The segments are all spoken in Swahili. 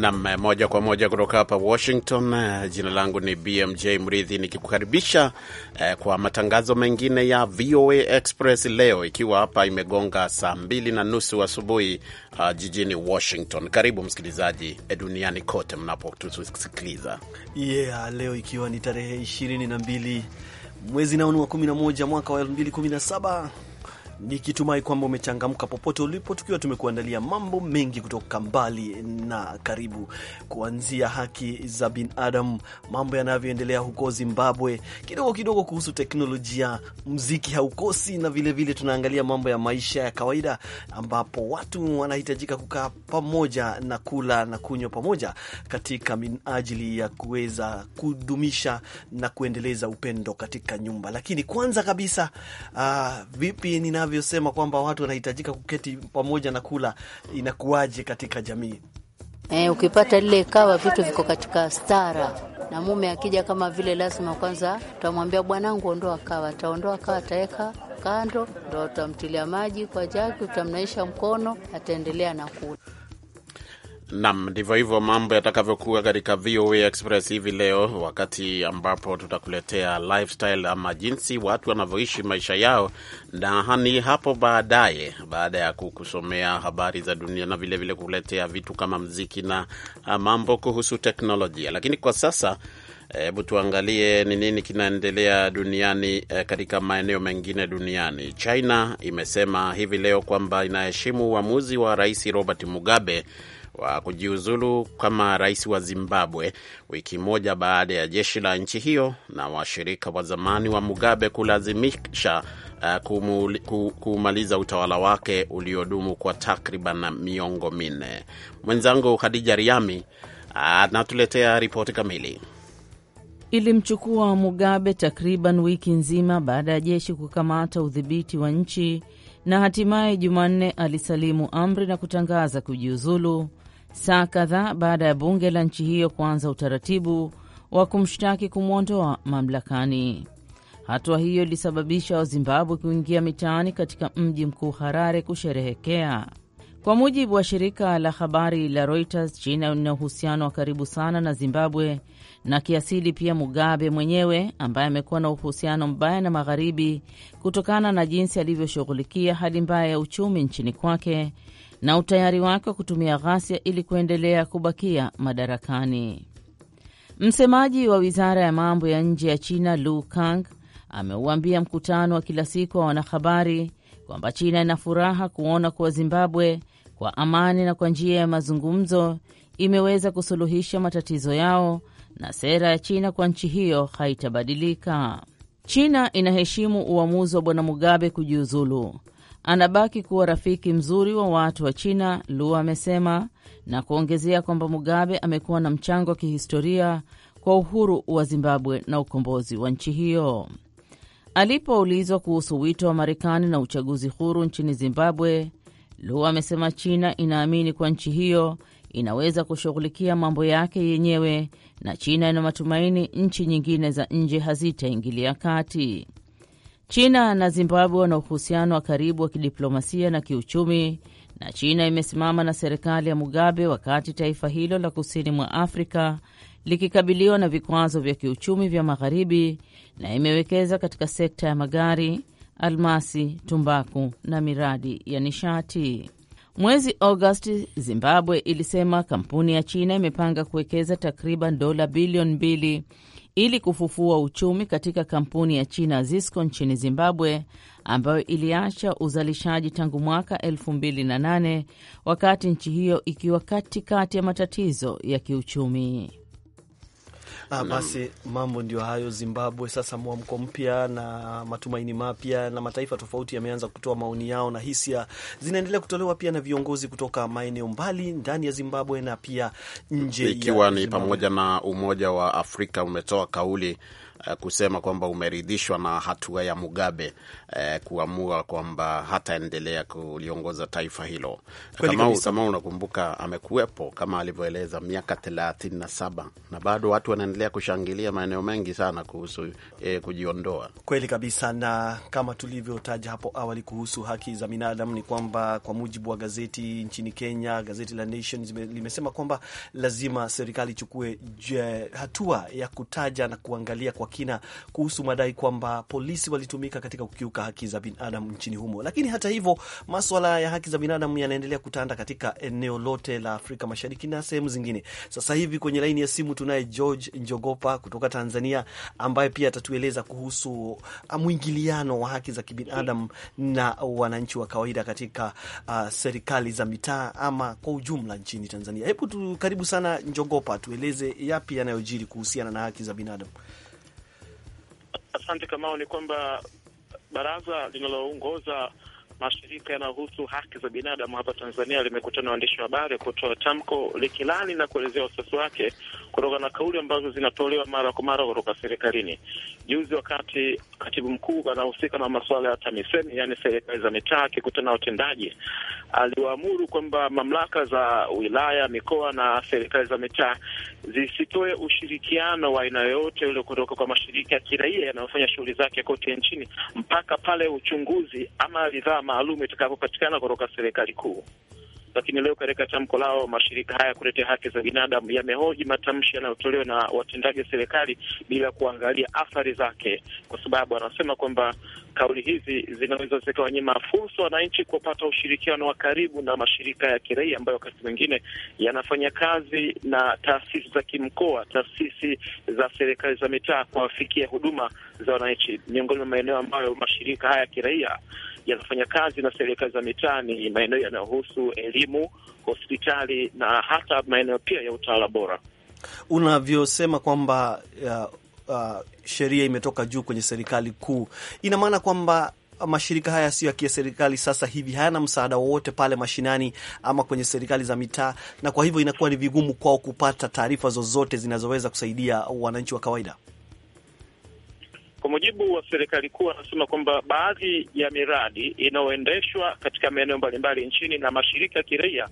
Nam moja kwa moja kutoka hapa Washington. Eh, jina langu ni BMJ Mridhi, nikikukaribisha eh, kwa matangazo mengine ya VOA Express leo, ikiwa hapa imegonga saa mbili na nusu asubuhi uh, jijini Washington. Karibu msikilizaji eh, duniani kote mnapotusikiliza. Yeah, leo ikiwa ni tarehe 22 mwezi naoni wa 11 mwaka wa 2017 nikitumai kwamba umechangamka popote ulipo, tukiwa tumekuandalia mambo mengi kutoka mbali na karibu, kuanzia haki za binadamu, mambo yanavyoendelea huko Zimbabwe, kidogo kidogo kuhusu teknolojia, mziki haukosi, na vilevile vile tunaangalia mambo ya maisha ya kawaida, ambapo watu wanahitajika kukaa pamoja na kula na kunywa pamoja katika minajili ya kuweza kudumisha na kuendeleza upendo katika nyumba. Lakini kwanza kabisa, uh, vipi nina unavyosema kwamba watu wanahitajika kuketi pamoja na kula, inakuwaje katika jamii? Eh, ukipata lile kawa vitu viko katika stara na mume akija kama vile lazima kwanza utamwambia bwanangu, ondoa kawa. Ataondoa kawa, ataweka kando, ndo utamtilia maji kwa jagi, utamnaisha mkono, ataendelea na kula. Nam, ndivyo hivyo mambo yatakavyokuwa katika VOA Express hivi leo, wakati ambapo tutakuletea lifestyle ama jinsi watu wanavyoishi maisha yao, na ni hapo baadaye, baada ya kukusomea habari za dunia na vilevile kuletea vitu kama mziki na ah, mambo kuhusu teknolojia. Lakini kwa sasa hebu tuangalie ni nini kinaendelea duniani. E, katika maeneo mengine duniani, China imesema hivi leo kwamba inaheshimu uamuzi wa rais Robert Mugabe wa kujiuzulu kama rais wa Zimbabwe wiki moja baada ya jeshi la nchi hiyo na washirika wa zamani wa Mugabe kulazimisha uh, kumaliza utawala wake uliodumu kwa takriban miongo minne. Mwenzangu Khadija Riami anatuletea uh, ripoti kamili. Ilimchukua Mugabe takriban wiki nzima baada ya jeshi kukamata udhibiti wa nchi na hatimaye Jumanne alisalimu amri na kutangaza kujiuzulu saa kadhaa baada ya bunge la nchi hiyo kuanza utaratibu wa kumshtaki kumwondoa mamlakani. Hatua hiyo ilisababisha Wazimbabwe kuingia mitaani katika mji mkuu Harare kusherehekea. Kwa mujibu wa shirika la habari la Reuters, China ina uhusiano wa karibu sana na Zimbabwe na kiasili pia Mugabe mwenyewe ambaye amekuwa na uhusiano mbaya na Magharibi kutokana na jinsi alivyoshughulikia hali mbaya ya uchumi nchini kwake na utayari wake wa kutumia ghasia ili kuendelea kubakia madarakani. Msemaji wa wizara ya mambo ya nje ya China Lu Kang ameuambia mkutano wa kila siku wa wanahabari kwamba China ina furaha kuona kuwa Zimbabwe kwa amani na kwa njia ya mazungumzo imeweza kusuluhisha matatizo yao na sera ya China kwa nchi hiyo haitabadilika. China inaheshimu uamuzi wa Bwana Mugabe kujiuzulu, anabaki kuwa rafiki mzuri wa watu wa China, Lua amesema na kuongezea kwamba Mugabe amekuwa na mchango wa kihistoria kwa uhuru wa Zimbabwe na ukombozi wa nchi hiyo. Alipoulizwa kuhusu wito wa Marekani na uchaguzi huru nchini Zimbabwe, Lua amesema China inaamini kwa nchi hiyo inaweza kushughulikia mambo yake yenyewe na China ina matumaini nchi nyingine za nje hazitaingilia kati. China na Zimbabwe wana uhusiano wa karibu wa kidiplomasia na kiuchumi, na China imesimama na serikali ya Mugabe wakati taifa hilo la kusini mwa Afrika likikabiliwa na vikwazo vya kiuchumi vya Magharibi, na imewekeza katika sekta ya magari, almasi, tumbaku na miradi ya nishati. Mwezi Agosti, Zimbabwe ilisema kampuni ya China imepanga kuwekeza takriban dola bilioni mbili ili kufufua uchumi katika kampuni ya China Zisco nchini Zimbabwe ambayo iliacha uzalishaji tangu mwaka 2008 wakati nchi hiyo ikiwa katikati ya matatizo ya kiuchumi. Ah, basi mambo ndio hayo Zimbabwe. Sasa mwamko mpya na matumaini mapya, na mataifa tofauti yameanza kutoa maoni yao na hisia zinaendelea kutolewa pia na viongozi kutoka maeneo mbali ndani ya Zimbabwe na pia nje, ikiwa ni pamoja na Umoja wa Afrika umetoa kauli Eh, kusema kwamba umeridhishwa na hatua ya Mugabe eh, kuamua kwamba hataendelea kuliongoza taifa hilo. Kama, unakumbuka amekuwepo kama alivyoeleza miaka thelathini na saba na bado watu wanaendelea kushangilia maeneo mengi sana kuhusu eh, kujiondoa. Kweli kabisa, na kama tulivyotaja hapo awali kuhusu haki za binadamu ni kwamba kwa mujibu wa gazeti nchini Kenya, gazeti la Nation limesema kwamba lazima serikali ichukue eh, hatua ya kutaja na kuangalia kwa kina kuhusu madai kwamba polisi walitumika katika kukiuka haki za binadamu nchini humo. Lakini hata hivyo, maswala ya haki za binadamu yanaendelea kutanda katika eneo lote la Afrika Mashariki na sehemu zingine. Sasa hivi kwenye laini ya simu tunaye George Njogopa kutoka Tanzania ambaye pia atatueleza kuhusu uh, mwingiliano wa haki za kibinadamu na wananchi wa kawaida katika uh, serikali za mitaa ama kwa ujumla nchini Tanzania. Hebu tu karibu sana Njogopa, tueleze yapi yanayojiri kuhusiana na haki za binadamu. Asante Kamao, ni kwamba baraza linaloongoza mashirika yanayohusu haki za binadamu hapa Tanzania limekutana na waandishi wa habari kutoa tamko likilani na kuelezea wasiwasi wake kutokana na kauli ambazo zinatolewa mara kwa mara kutoka serikalini. Juzi wakati katibu mkuu anahusika na masuala ya TAMISEMI, yaani serikali za mitaa, akikutana na watendaji, aliwaamuru kwamba mamlaka za wilaya, mikoa na serikali za mitaa zisitoe ushirikiano wa aina yoyote ule kutoka kwa mashirika ya kiraia yanayofanya shughuli zake kote nchini mpaka pale uchunguzi ama ridhaa maalum itakapopatikana kutoka serikali kuu. Lakini leo katika tamko lao, mashirika haya kutetea haki za binadamu yamehoji matamshi yanayotolewa na watendaji wa serikali bila kuangalia athari zake, kwa sababu anasema kwamba kauli hizi zinaweza zikawanyima fursa wananchi kupata ushirikiano wa karibu na mashirika ya kiraia ambayo wakati mwingine yanafanya kazi na taasisi za kimkoa, taasisi za serikali za mitaa kuwafikia huduma za wananchi. Miongoni mwa maeneo ambayo mashirika haya ya kiraia yanafanya kazi na serikali za mitaani, maeneo yanayohusu elimu, hospitali na hata maeneo pia ya utawala bora. Unavyosema kwamba uh, uh, sheria imetoka juu kwenye serikali kuu, ina maana kwamba mashirika haya siyo ya kiserikali sasa hivi hayana msaada wowote pale mashinani ama kwenye serikali za mitaa, na kwa hivyo inakuwa ni vigumu kwao kupata taarifa zozote zinazoweza kusaidia wananchi wa kawaida. Kwa mujibu wa serikali kuu, anasema kwamba baadhi ya miradi inayoendeshwa katika maeneo mbalimbali nchini na mashirika ya kiraia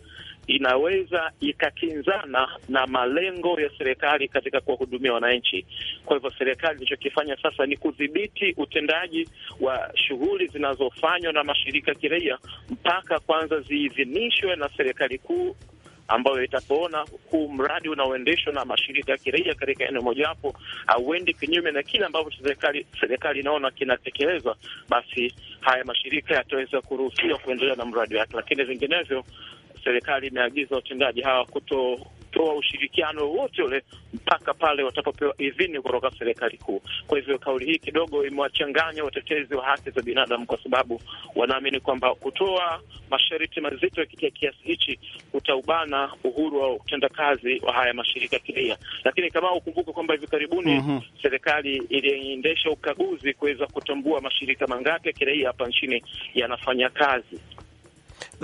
inaweza ikakinzana na malengo ya serikali katika kuwahudumia wananchi. Kwa hivyo, serikali ilichokifanya sasa ni kudhibiti utendaji wa shughuli zinazofanywa na mashirika ya kiraia mpaka kwanza ziidhinishwe na serikali kuu ambayo itapoona huu mradi unaoendeshwa na mashirika ya kiraia katika eneo mojawapo hauendi kinyume na kile ambavyo serikali serikali inaona kinatekelezwa, basi haya mashirika yataweza kuruhusiwa kuendelea na mradi wake, lakini vinginevyo serikali imeagiza watendaji hawa kuto kutoa ushirikiano wote ule mpaka pale watapopewa idhini kutoka serikali kuu. Kwa hivyo kauli hii kidogo imewachanganya watetezi wa haki za binadamu, kwa sababu wanaamini kwamba kutoa masharti mazito yakitia kiasi hichi kutaubana uhuru wa utendakazi wa haya mashirika ya kiraia. Lakini kama ukumbuke kwamba hivi karibuni mm -hmm. serikali iliendesha ukaguzi kuweza kutambua mashirika mangapi ya kiraia hapa nchini yanafanya kazi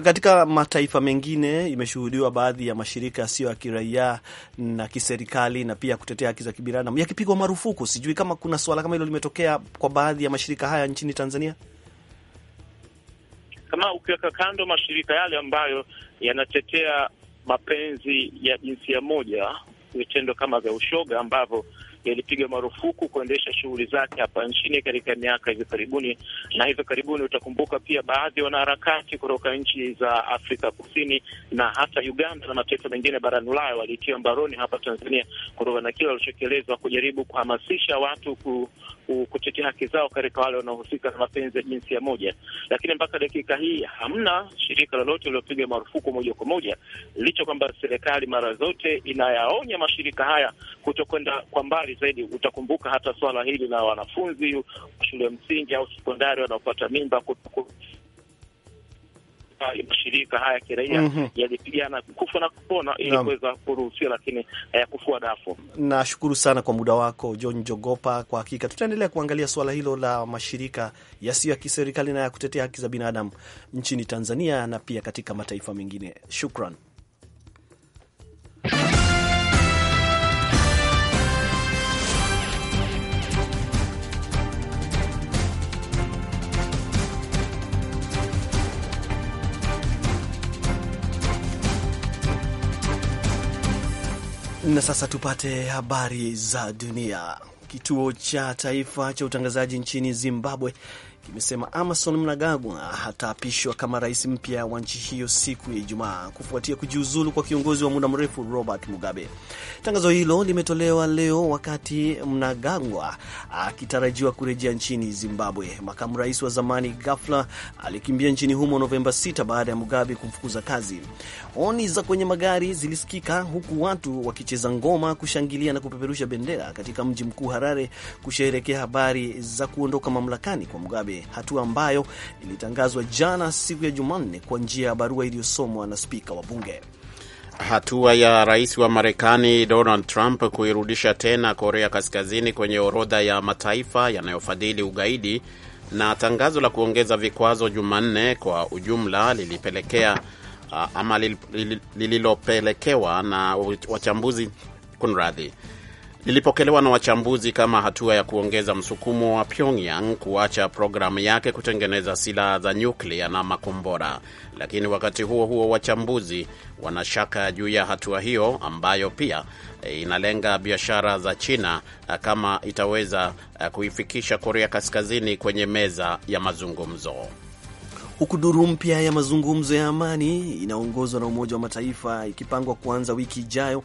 katika mataifa mengine imeshuhudiwa baadhi ya mashirika yasiyo ya kiraia na kiserikali na pia kutetea haki za kibinadamu yakipigwa marufuku. Sijui kama kuna suala kama hilo limetokea kwa baadhi ya mashirika haya nchini Tanzania. Kama ukiweka kando mashirika yale ambayo yanatetea mapenzi ya jinsia moja, vitendo kama vya ushoga ambavyo yalipiga marufuku kuendesha shughuli zake hapa nchini katika miaka hivi karibuni. Na hivi karibuni utakumbuka pia baadhi ya wanaharakati kutoka nchi za Afrika Kusini na hata Uganda na mataifa mengine barani Ulaya walitia mbaroni hapa Tanzania kutokana na kile walichokielezwa kujaribu kuhamasisha watu ku kutetea haki zao katika wale wanaohusika na mapenzi ya jinsia moja, lakini mpaka dakika hii hamna shirika lolote lililopiga marufuku moja kwa moja, licha kwamba serikali mara zote inayaonya mashirika haya kutokwenda kwa mbali zaidi. Utakumbuka hata swala hili la wanafunzi shule ya msingi au sekondari wanaopata mimba kutoku mashirika haya kiraia mm -hmm. yalipigana kufa na kupona ili kuweza kuruhusiwa, lakini hayakufua eh, dafu. Nashukuru sana kwa muda wako John Jogopa. Kwa hakika tutaendelea kuangalia suala hilo la mashirika yasiyo ya kiserikali na ya kutetea haki za binadamu nchini Tanzania na pia katika mataifa mengine. Shukran. Na sasa tupate habari za dunia. Kituo cha taifa cha utangazaji nchini Zimbabwe kimesema Amason Mnangagwa hataapishwa kama rais mpya wa nchi hiyo siku ya Ijumaa kufuatia kujiuzulu kwa kiongozi wa muda mrefu Robert Mugabe. Tangazo hilo limetolewa leo wakati Mnangagwa akitarajiwa kurejea nchini Zimbabwe. Makamu rais wa zamani ghafla alikimbia nchini humo Novemba 6 baada ya Mugabe kumfukuza kazi. oni za kwenye magari zilisikika huku watu wakicheza ngoma, kushangilia na kupeperusha bendera katika mji mkuu Harare kusheherekea habari za kuondoka mamlakani kwa Mugabe. Mugabe, hatua ambayo ilitangazwa jana siku ya Jumanne kwa njia ya barua iliyosomwa na spika wa bunge. Hatua ya rais wa Marekani Donald Trump kuirudisha tena Korea Kaskazini kwenye orodha ya mataifa yanayofadhili ugaidi na tangazo la kuongeza vikwazo Jumanne kwa ujumla lilipelekea uh, ama lililopelekewa na wachambuzi kunradhi lilipokelewa na wachambuzi kama hatua ya kuongeza msukumo wa Pyongyang kuacha programu yake kutengeneza silaha za nyuklia na makombora. Lakini wakati huo huo, wachambuzi wanashaka juu ya hatua hiyo ambayo pia eh, inalenga biashara za China eh, kama itaweza eh, kuifikisha Korea Kaskazini kwenye meza ya mazungumzo. Huku duru mpya ya mazungumzo ya amani inaongozwa na Umoja wa Mataifa ikipangwa kuanza wiki ijayo,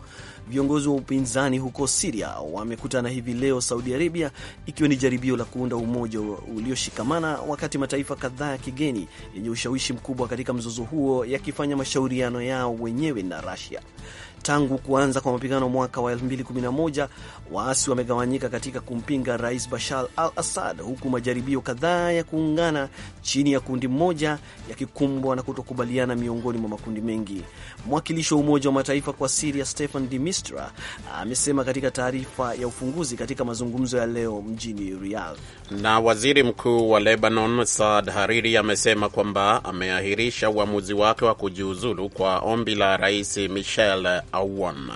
Viongozi wa upinzani huko Siria wamekutana hivi leo Saudi Arabia, ikiwa ni jaribio la kuunda umoja ulioshikamana, wakati mataifa kadhaa ya kigeni yenye ushawishi mkubwa katika mzozo huo yakifanya mashauriano yao wenyewe na rasia Tangu kuanza kwa mapigano mwaka wa 2011 waasi wamegawanyika katika kumpinga Rais Bashar al Assad, huku majaribio kadhaa ya kuungana chini ya kundi moja yakikumbwa na kutokubaliana miongoni mwa makundi mengi. Mwakilishi wa Umoja wa Mataifa kwa Siria Stefan de Mistura amesema katika taarifa ya ufunguzi katika mazungumzo ya leo mjini Riyadh. Na waziri mkuu wa Lebanon Saad Hariri amesema kwamba ameahirisha uamuzi wake wa kujiuzulu kwa ombi la Rais Michel Aoun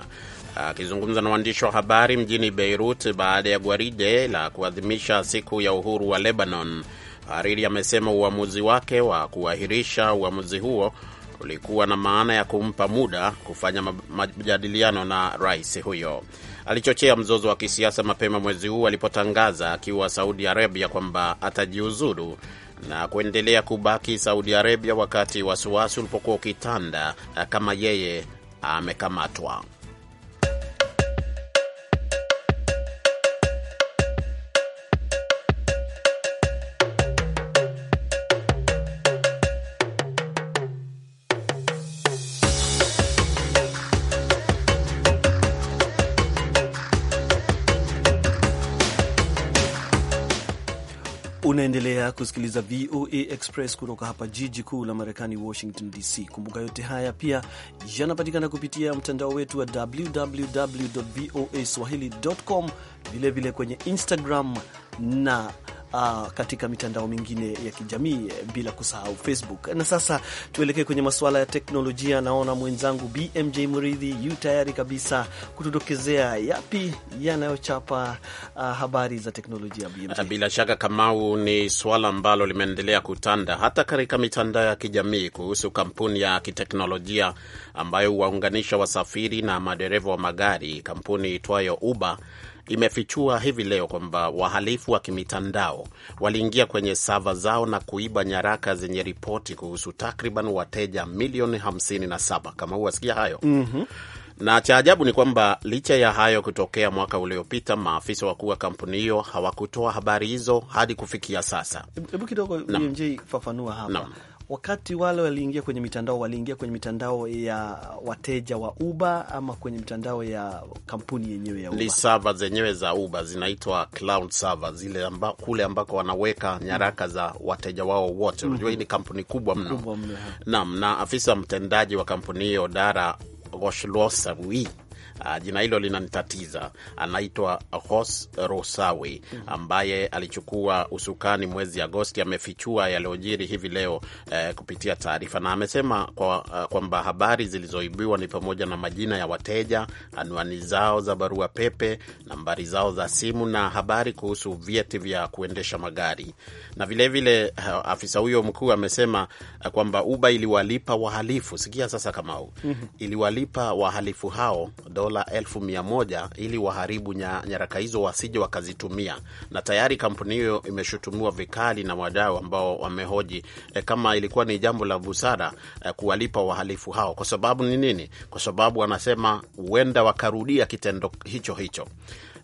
akizungumza na waandishi wa habari mjini Beirut baada ya gwaride la kuadhimisha siku ya uhuru wa Lebanon. Hariri amesema uamuzi wake wa kuahirisha uamuzi huo ulikuwa na maana ya kumpa muda kufanya majadiliano na rais huyo. Alichochea mzozo wa kisiasa mapema mwezi huu alipotangaza akiwa Saudi Arabia kwamba atajiuzulu na kuendelea kubaki Saudi Arabia wakati wasiwasi ulipokuwa ukitanda kama yeye amekamatwa. Unaendelea kusikiliza VOA Express kutoka hapa jiji kuu la Marekani, Washington DC. Kumbuka yote haya pia yanapatikana kupitia mtandao wetu wa www voa swahili.com, vilevile kwenye Instagram na uh, katika mitandao mingine ya kijamii eh, bila kusahau Facebook. Na sasa tuelekee kwenye masuala ya teknolojia. Naona mwenzangu BMJ Muridhi yu tayari kabisa kutudokezea yapi yanayochapa uh, habari za teknolojia. BMJ, bila shaka Kamau, ni suala ambalo limeendelea kutanda hata katika mitandao ya kijamii kuhusu kampuni ya kiteknolojia ambayo huwaunganisha wasafiri na madereva wa magari, kampuni itwayo Uber imefichua hivi leo kwamba wahalifu wa kimitandao waliingia kwenye sava zao na kuiba nyaraka zenye ripoti kuhusu takriban wateja milioni 57 kama huwasikia hayo mm -hmm. Na cha ajabu ni kwamba licha ya hayo kutokea mwaka uliopita, maafisa wakuu wa kampuni hiyo hawakutoa habari hizo hadi kufikia sasa. Hebu kidogo fafanua hapa wakati wale waliingia kwenye mitandao, waliingia kwenye mitandao ya wateja wa Uber ama kwenye mitandao ya kampuni yenyewe ya Uber. Sava zenyewe za Uber zinaitwa cloud server, zile amba, kule ambako wanaweka nyaraka za wateja wao wote. Mm-hmm. Unajua hii ni kampuni kubwa mno. Naam, na afisa mtendaji wa kampuni hiyo Dara Ghoshlosawii uh, jina hilo linanitatiza, anaitwa Hos Rosawi ambaye alichukua usukani mwezi Agosti, amefichua yaliyojiri hivi leo uh, kupitia taarifa na amesema eh, kwamba uh, kwa habari zilizoibiwa ni pamoja na majina ya wateja, anwani zao za barua pepe, nambari zao za simu na habari kuhusu vyeti vya kuendesha magari. Na vilevile vile, uh, afisa huyo mkuu amesema uh, kwamba Uber iliwalipa wahalifu, sikia sasa, Kamau, mhm. iliwalipa wahalifu hao dola dola elfu mia moja ili waharibu nyaraka hizo wasije wakazitumia, na tayari kampuni hiyo imeshutumiwa vikali na wadau ambao wamehoji e, kama ilikuwa ni jambo la busara e, kuwalipa wahalifu hao. Kwa sababu ni nini? Kwa sababu wanasema huenda wakarudia kitendo hicho hicho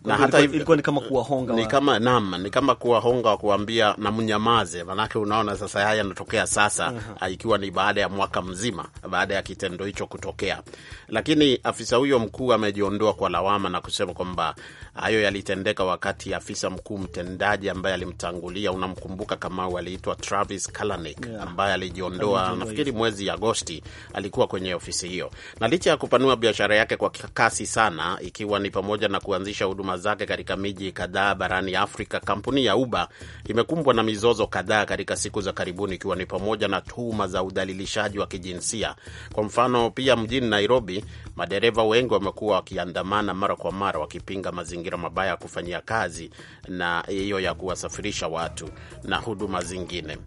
na hata ilikuwa ni kama kuwahonga, ni kama naam, ni kama kuwahonga wa kuambia na mnyamaze, manake unaona sasa haya yanatokea sasa, uh -huh. ikiwa ni baada ya mwaka mzima baada ya kitendo hicho kutokea. Lakini afisa huyo mkuu amejiondoa kwa lawama na kusema kwamba hayo yalitendeka wakati afisa mkuu mtendaji ambaye alimtangulia, unamkumbuka kama aliitwa Travis Kalanick, yeah, ambaye alijiondoa nafikiri mwezi Agosti, alikuwa kwenye ofisi hiyo, na licha ya kupanua biashara yake kwa kasi sana, ikiwa ni pamoja na kuanzisha huduma huduma zake katika miji kadhaa barani Afrika, kampuni ya Uber imekumbwa na mizozo kadhaa katika siku za karibuni, ikiwa ni pamoja na tuhuma za udhalilishaji wa kijinsia. Kwa mfano, pia mjini Nairobi, madereva wengi wamekuwa wakiandamana mara kwa mara wakipinga mazingira mabaya ya kufanyia kazi na hiyo ya kuwasafirisha watu na huduma zingine.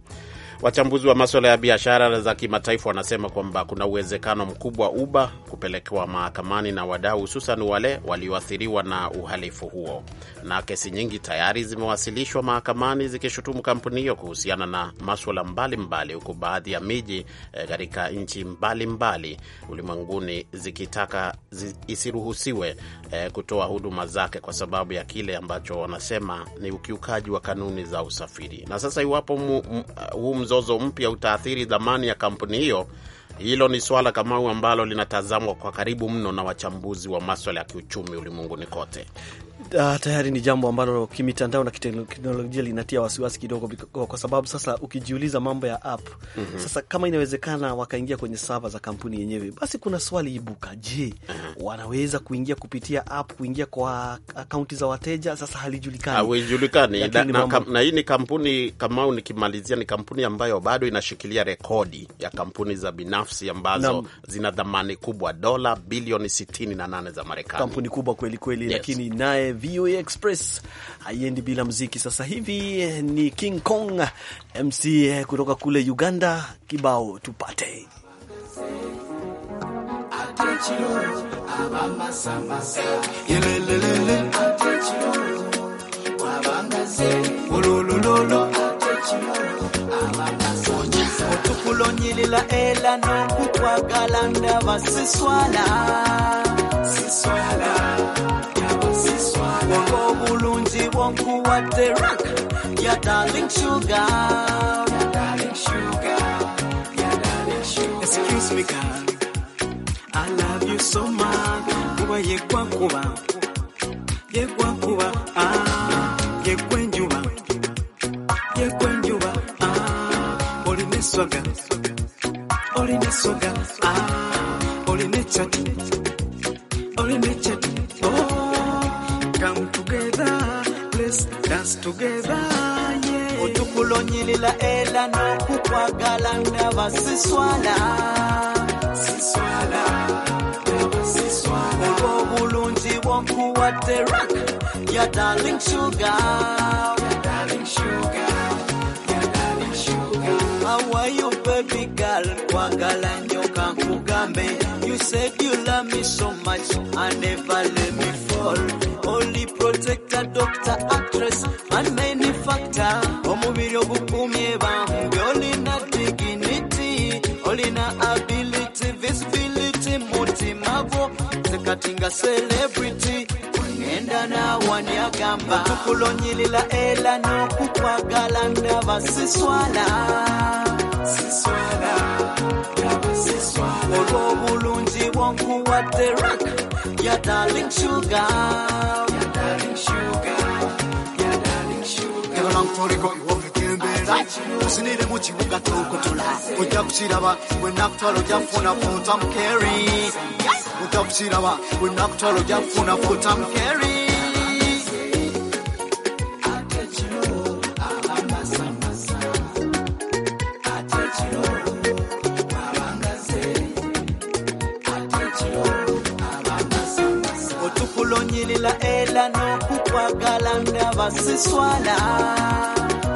Wachambuzi wa maswala ya biashara za kimataifa wanasema kwamba kuna uwezekano mkubwa Uber kupelekewa mahakamani na wadau, hususan wale walioathiriwa na uhalifu huo, na kesi nyingi tayari zimewasilishwa mahakamani zikishutumu kampuni hiyo kuhusiana na maswala mbalimbali, huku baadhi ya miji eh, katika e, nchi mbalimbali ulimwenguni zikitaka zi, isiruhusiwe e, kutoa huduma zake kwa sababu ya kile ambacho wanasema ni ukiukaji wa kanuni za usafiri. Na sasa iwapo uh, mzozo mpya utaathiri dhamani ya kampuni hiyo, hilo ni swala Kamau ambalo linatazamwa kwa karibu mno na wachambuzi wa maswala ya kiuchumi ulimwenguni kote. Uh, tayari ni jambo ambalo kimitandao na kiteknolojia linatia wasiwasi kidogo, kwa sababu sasa ukijiuliza mambo ya app mm -hmm. Sasa kama inawezekana wakaingia kwenye sava za kampuni yenyewe, basi kuna swali ibuka, je, mm -hmm. wanaweza kuingia kupitia app, kuingia kwa akaunti za wateja? Sasa halijulikani, haijulikani na, na, na hii ni kampuni kama nikimalizia, ni kampuni ambayo bado inashikilia rekodi ya kampuni za binafsi ambazo na, zina dhamani kubwa dola bilioni 68 za Marekani, kampuni kubwa kweli kweli, yes. lakini naye VOA Express haiendi bila mziki. Sasa hivi ni King Kong MC kutoka kule Uganda, kibao tupate otukulonyilila elano kukwagala ndaba what they rock. Your darling sugar. Excuse me, girl. I love you so much. Kuba ye kwa kuba. Ye kwa kuba. Ah. Ye kwenjuba. Ye kwenjuba. Ah. Oline swaga. Oline swaga. Ah. Oline chati. kulonyilila ela nokukwagala ndaba siswala olw'obulungi bw'onkuwadde rak ya darling sugar awayo baby girl kwagala nnyo kankugambe you said you love me so much i never let me fall only protector doctor ga celebrity ŋŋenda naawanyagamba tukulonyerera era n'okukwagala ndaba siswala olw'obulungi bwonkuwadde rak ya darling sugar Belong to the embeera osiniremu kibuga tokotula ojja kukiraba bwenakutwala ojja kufuna fulltime carry ojja kukiraba bwenakutwala ojja kufuna fulltime carry otukulonyirira era n'okukwagala nga basiswala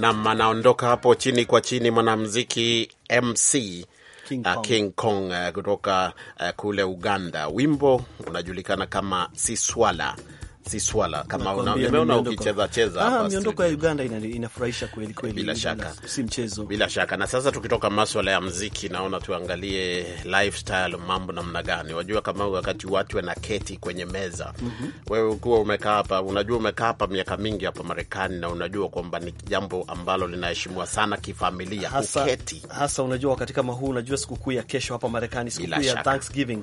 Nam anaondoka hapo chini kwa chini, mwanamziki MC King uh, Kong, uh, King Kong uh, kutoka uh, kule Uganda. Wimbo unajulikana kama Siswala si swala kama umeona ukicheza cheza hapa. Miondoko ya Uganda inafurahisha kweli kweli, bila shaka, si mchezo, bila shaka. Na sasa tukitoka maswala ya mziki, naona tuangalie lifestyle, mambo namna gani. Wajua kama wakati watu wanaketi kwenye meza mm -hmm. Wewe ukiwa umekaa hapa, unajua umekaa hapa miaka mingi hapa Marekani, na unajua kwamba ni jambo ambalo linaheshimiwa sana kifamilia, hasa uketi. Hasa unajua wakati kama huu, unajua sikukuu ya kesho hapa Marekani, sikukuu ya Thanksgiving,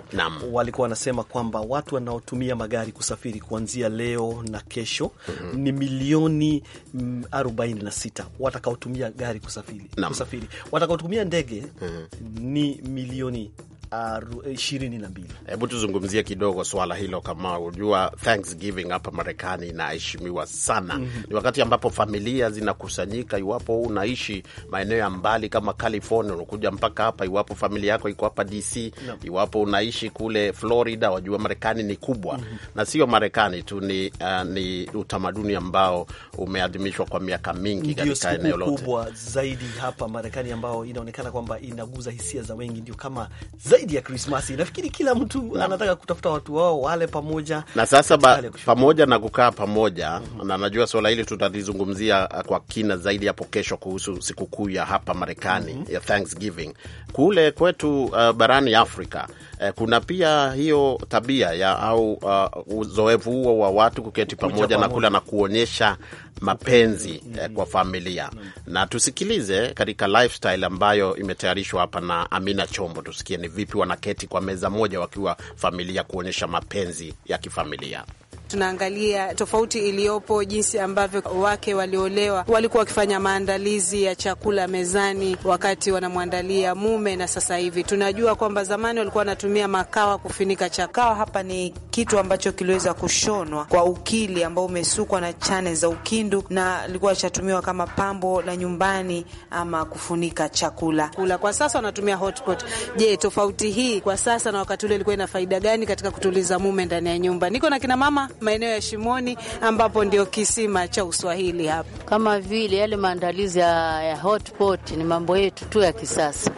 walikuwa wanasema kwamba watu wanaotumia magari kusafiri kuanzia leo na kesho mm -hmm. ni milioni 46 mm, watakaotumia gari kusafiri, kusafiri. watakaotumia ndege mm -hmm. ni milioni Uh, ishirini na mbili. Hebu tuzungumzie kidogo swala hilo. Kama unajua Thanksgiving hapa Marekani inaheshimiwa sana mm -hmm. Ni wakati ambapo familia zinakusanyika, iwapo unaishi maeneo ya mbali kama California, unakuja mpaka hapa, iwapo familia yako iko hapa DC no. Iwapo unaishi kule Florida, wajua Marekani ni kubwa mm -hmm. Na sio Marekani tu ni, uh, ni utamaduni ambao umeadhimishwa kwa miaka mingi katika eneo lote kubwa zaidi hapa Marekani, ambao inaonekana kwamba inaguza hisia za wengi, ndio kama zaidi zaidi ya Krismasi. Nafikiri kila mtu anataka kutafuta watu wao wale pamoja, na sasa ba, pamoja na kukaa pamoja mm -hmm. na najua swala hili tutalizungumzia uh, kwa kina zaidi hapo kesho kuhusu sikukuu ya hapa Marekani mm -hmm. ya Thanksgiving kule kwetu uh, barani Afrika eh, kuna pia hiyo tabia ya au uh, uzoefu huo wa watu kuketi pamoja na kula na kuonyesha mapenzi mm-hmm. eh, kwa familia mm. Na tusikilize katika lifestyle ambayo imetayarishwa hapa na Amina Chombo, tusikie ni vipi wanaketi kwa meza moja wakiwa familia kuonyesha mapenzi ya kifamilia tunaangalia tofauti iliyopo, jinsi ambavyo wake waliolewa walikuwa wakifanya maandalizi ya chakula mezani wakati wanamwandalia mume, na sasa hivi tunajua kwamba zamani walikuwa wanatumia makawa kufinika chakawa. Hapa ni kitu ambacho kiliweza kushonwa kwa ukili ambao umesukwa na chane za ukindu, na likuwa chatumiwa kama pambo la nyumbani ama kufunika chakula kula. Kwa sasa wanatumia hotpot. Je, tofauti hii kwa sasa na wakati ule ilikuwa ina faida gani katika kutuliza mume ndani ya nyumba? Niko na kina mama maeneo ya Shimoni ambapo ndio kisima cha Uswahili hapa. Kama vile yale maandalizi ya, ya hotpot ni mambo yetu tu ya kisasa,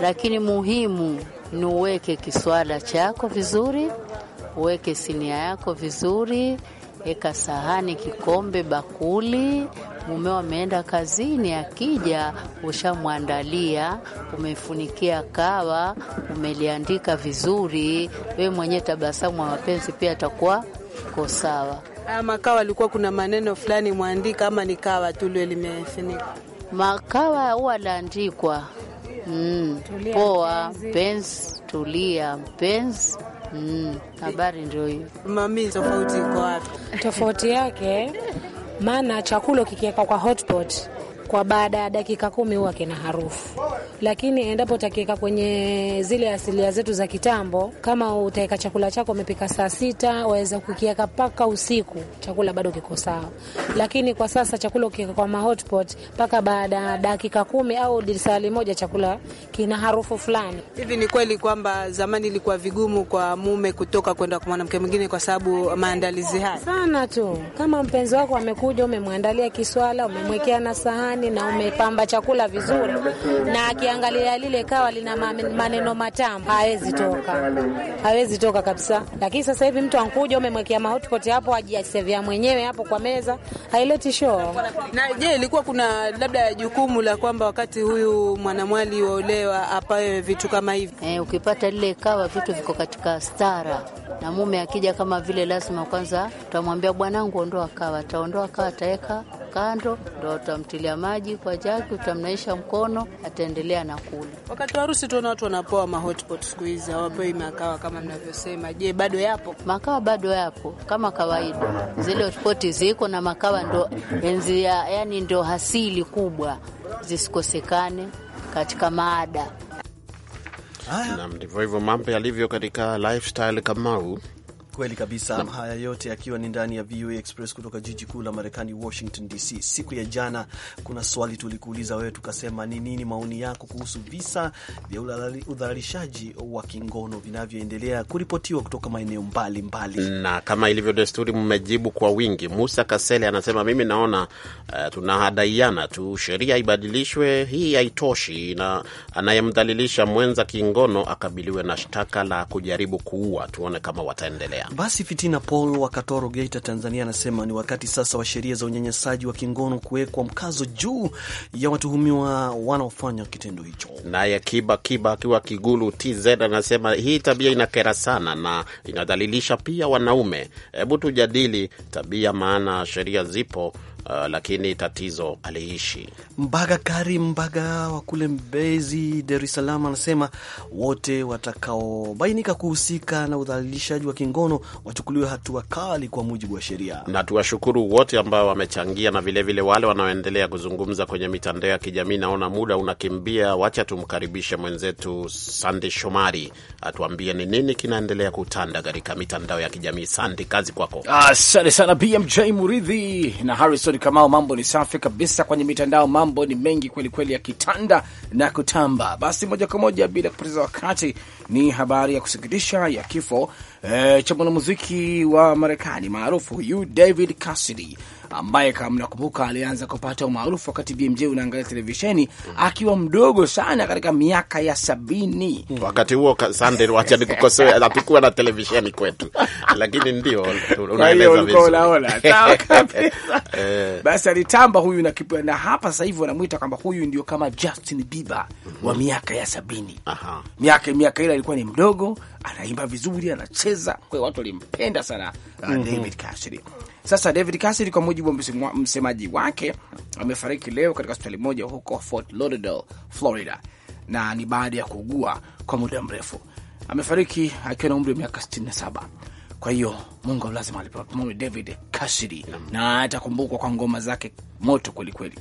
lakini muhimu ni uweke kiswala chako vizuri uweke sinia yako vizuri, eka sahani, kikombe, bakuli. Mumeo ameenda kazini, akija ushamwandalia, umefunikia kawa, umeliandika vizuri. We mwenyewe tabasamu wa mapenzi pia atakuwa ko sawa. Ah, makawa alikuwa kuna maneno fulani mwandika, ama ni kawa tu limefunika makawa huwa laandikwa. Mm, poa mpenzi, tulia mpenzi Mm, habari ndio hiyo. Mami, tofauti kwa wapi? Tofauti yake maana chakula kikiweka kwa hotpot kwa baada ya dakika kumi huwa kina harufu, lakini endapo utakiweka kwenye zile asilia zetu za kitambo, kama utaweka chakula chako umepika saa sita, waweza kukiweka mpaka usiku, chakula bado kiko sawa. Lakini kwa sasa chakula ukiweka kwa mahotpot mpaka baada ya dakika kumi au lisali moja, chakula kina harufu fulani. Hivi ni kweli kwamba zamani ilikuwa vigumu kwa mume kutoka kwenda kwa mwanamke mwingine kwa sababu maandalizi haya sana tu, kama mpenzi wako amekuja, umemwandalia kiswala, umemwekea na sahani ndani na umepamba chakula vizuri, na akiangalia lile kawa lina maneno matamu, hawezi toka, hawezi toka kabisa. Lakini sasa hivi mtu ankuja, umemwekea mahotpot hapo, ajisevia mwenyewe hapo kwa meza, haileti show. Na je, ilikuwa kuna labda jukumu la kwamba wakati huyu mwanamwali waolewa apawe vitu kama hivi? E, ukipata lile kawa, vitu viko katika stara, na mume akija kama vile lazima kwanza tamwambia bwanangu, ondoa kawa, taondoa kawa, taeka kando, ndo utamtilia maji kwa jaki utamnaisha mkono, ataendelea na kula. Wakati wa harusi tuona watu wanapoa ma siku hizi hawapewi makawa kama mnavyosema. Je, bado yapo makawa? Bado yapo kama kawaida, zile hotpoti ziko na makawa, ndo enzi ya yani, ndo hasili kubwa, zisikosekane katika maada. Ndivyo hivyo mambo yalivyo katika lifestyle Kamau. Kweli kabisa Haya yote yakiwa ni ndani ya VOA Express kutoka jiji kuu la Marekani, Washington DC. Siku ya jana, kuna swali tulikuuliza wewe, tukasema ni nini maoni yako kuhusu visa vya udhalilishaji wa kingono vinavyoendelea kuripotiwa kutoka maeneo mbalimbali, na kama ilivyo desturi, mmejibu kwa wingi. Musa Kasele anasema mimi naona uh, tunahadaiana tu, sheria ibadilishwe, hii haitoshi, na anayemdhalilisha mwenza kingono akabiliwe na shtaka la kujaribu kuua. Tuone kama wataendelea. Basi Fitina Paul wa Katoro, Geita, Tanzania, anasema ni wakati sasa wa sheria za unyanyasaji wa kingono kuwekwa mkazo juu ya watuhumiwa wanaofanya kitendo hicho. Naye Kiba Kiba akiwa Kigulu TZ anasema hii tabia inakera sana na inadhalilisha pia wanaume. Hebu tujadili tabia, maana sheria zipo uh, lakini tatizo aliishi. Mbaga Kari Mbaga wa kule Mbezi, Dar es Salaam, anasema wote watakaobainika kuhusika na udhalilishaji wa kingono wachukuliwe hatua kali kwa mujibu wa sheria. Na tuwashukuru wote ambao wamechangia na vilevile wale wanaoendelea kuzungumza kwenye mitandao ya kijamii. Naona muda unakimbia, wacha tumkaribishe mwenzetu Sande Shomari atuambie ni nini kinaendelea kutanda katika mitandao ya kijamii. Sandi, kazi kwako. Asante sana BMJ Muridhi na Harrison Harrison Kamao, mambo ni safi kabisa kwenye mitandao, mambo ni mengi kweli kweli ya kitanda na kutamba. Basi moja kwa moja bila kupoteza wakati, ni habari ya kusikitisha ya kifo e, cha mwanamuziki wa Marekani maarufu huyu David Cassidy ambaye kama mnakumbuka alianza kupata umaarufu wakati BMJ unaangalia televisheni mm. akiwa mdogo sana katika miaka ya sabini mm. wakati huo Sande, wacha nikukosoe, hatukuwa na televisheni kwetu, lakini ndio unaeleza vizuri, unaona sawa kabisa. Eh. Basi alitamba huyu na, kipu, na hapa sasa hivi wanamuita kwamba huyu ndio kama Justin Bieber mm -hmm. wa mhm. miaka ya sabini. Aha. miaka miaka ile alikuwa ni mdogo, anaimba vizuri, anacheza, kwa hiyo watu walimpenda sana mm -hmm. David Cassidy sasa David Cassidy, kwa mujibu wa msemaji wake, amefariki leo katika hospitali moja huko Fort Lauderdale, Florida, na ni baada ya kuugua kwa muda mrefu. Amefariki akiwa na umri wa miaka 67. Kwa hiyo Mungu lazima alipewa pumuni David Cassidy, na atakumbukwa kwa ngoma zake moto kwelikweli.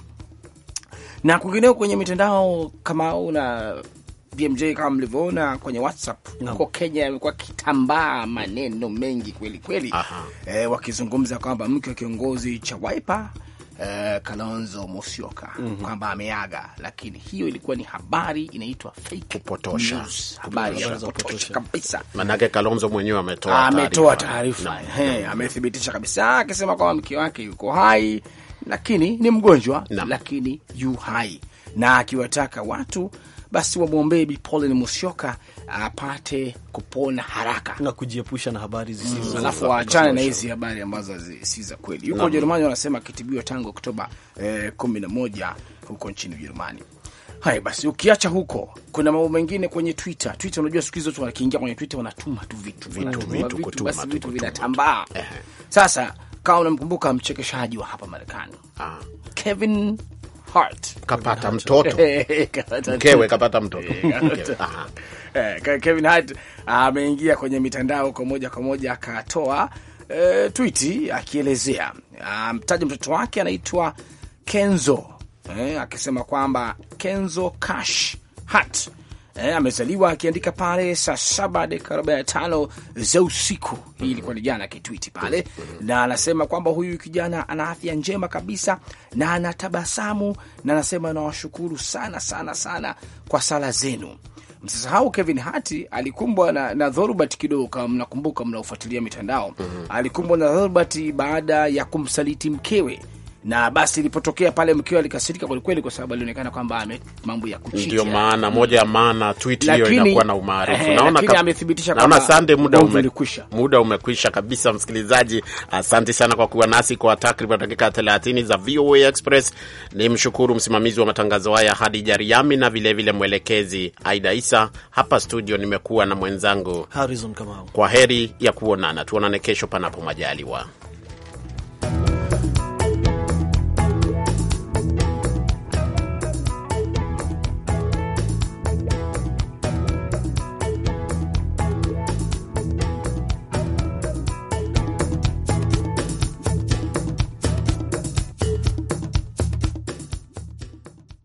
Na kwingineo kwenye mitandao kama una BMJ kama mlivyoona kwenye WhatsApp huko no. Kenya yamekuwa kitambaa maneno mengi kweli kweli, e, wakizungumza kwamba mke wa kiongozi cha Waipa Uh, eh, Kalonzo Musyoka mm -hmm. kwamba ameaga, lakini hiyo ilikuwa ni habari inaitwa fake news, habari ya kupotosha kabisa. Manake Kalonzo mwenyewe ametoa ametoa taarifa, amethibitisha kabisa akisema kwamba mke wake yuko hai, lakini ni mgonjwa na, lakini yu hai na akiwataka watu basi wamwombee Bi Pauline Musyoka apate kupona haraka na kujiepusha na habari mm, zisizo, alafu waachane na hizi habari ambazo si za kweli. Huko Ujerumani wanasema akitibiwa tangu Oktoba eh, moja huko nchini Ujerumani. Haya basi, ukiacha huko, kuna mambo mengine kwenye Twitter. Twitter, unajua siku hizi watu wakiingia kwenye Twitter wanatuma tu vitu vitu vitu, basi vitu vinatambaa. Sasa kama unamkumbuka mchekeshaji wa hapa Marekani ah. Kevin heart. Kapata mtoto mkewe, kapata mtoto eh, Kevin Hart ah, ameingia kwenye mitandao huko moja kwa moja akatoa e, akielezea ah, mtaji mtoto wake anaitwa Kenzo e, akisema kwamba Kenzo Cash Hart eh, amezaliwa akiandika pale saa saba dakika arobaini na tano za usiku. Hii ilikuwa ni jana, akitwiti pale na anasema kwamba huyu kijana ana afya njema kabisa na anatabasamu, na anasema nawashukuru sana sana sana kwa sala zenu. Msisahau Kevin Hart alikumbwa na, na dhorubat kidogo, kama mnakumbuka, mnaofuatilia mitandao mm -hmm. alikumbwa na dhorubat baada ya kumsaliti mkewe na basi ilipotokea pale, mkeo alikasirika kwelikweli, kwa sababu alionekana kwamba ame mambo ya kuchiti, ndio maana moja ya maana tweet hiyo inakuwa na umaarufu. Naona kama amethibitisha, naona sande, muda umekwisha, muda umekwisha kabisa. Msikilizaji, asante sana kwa kuwa nasi kwa takriban dakika 30 za VOA Express. Ni mshukuru msimamizi wa matangazo haya hadi Jariami na vile vile mwelekezi Aida Isa. Hapa studio nimekuwa na mwenzangu Harrison Kamau. Kwa heri ya kuonana, tuonane kesho panapo majaliwa.